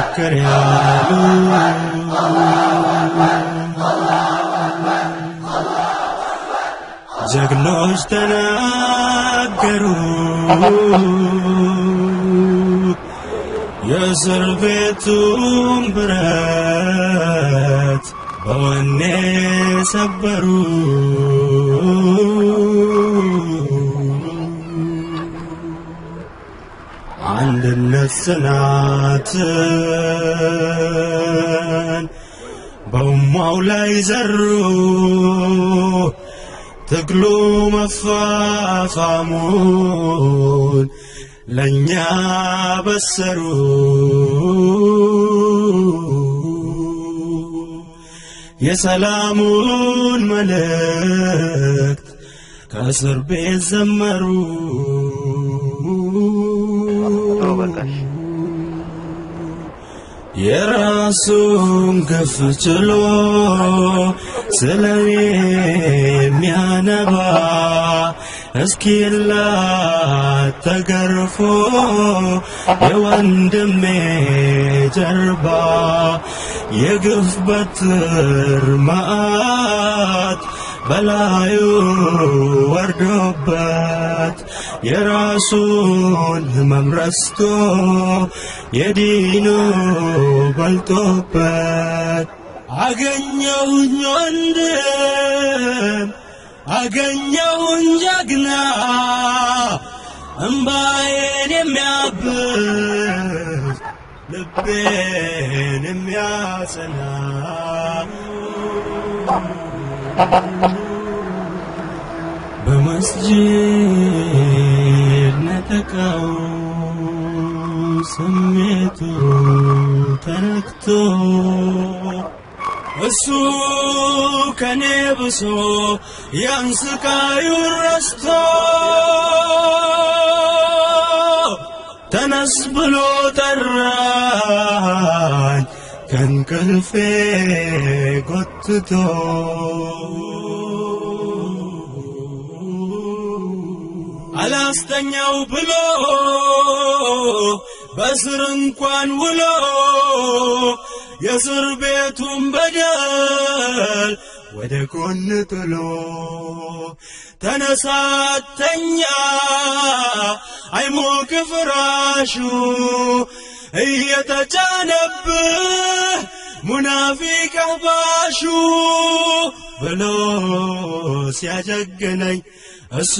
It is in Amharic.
ذكر يا ጀግኖች ተናገሩ የእስር ቤቱን ብረት በወኔ ሰበሩ። መሰናትን በማው ላይ ዘሩ ትግሉ መፋፋሙን ለእኛ በሰሩ የሰላሙን መልእክት ከእስር ቤት ዘመሩ። የራሱን ግፍ ችሎ ስለኔ የሚያነባ እስኪላት ተገርፎ የወንድሜ ጀርባ የግፍ በትር መዓት በላዩ ወርዶበት የራሱን ህመም ረስቶ የዲኑ በልጦበት አገኘውኝ ወንድም አገኘው ጀግና እምባዬን የሚያብስ ልቤን የሚያጸና በመስጂድ اتكعوا سميته تركته እሱ ከኔ ብሶ ያን ስቃዩን ረስቶ ተነስ ብሎ ጠራኝ ከእንቅልፌ ጎትቶ አላስተኛው ብሎ በስር እንኳን ውሎ የእስር ቤቱን በደል ወደ ጎን ጥሎ ተነሳተኛ አይሞቅ ፍራሹ እየተጫነብህ ሙናፊቅ አባሹ ብሎ ሲያጀግነኝ እሱ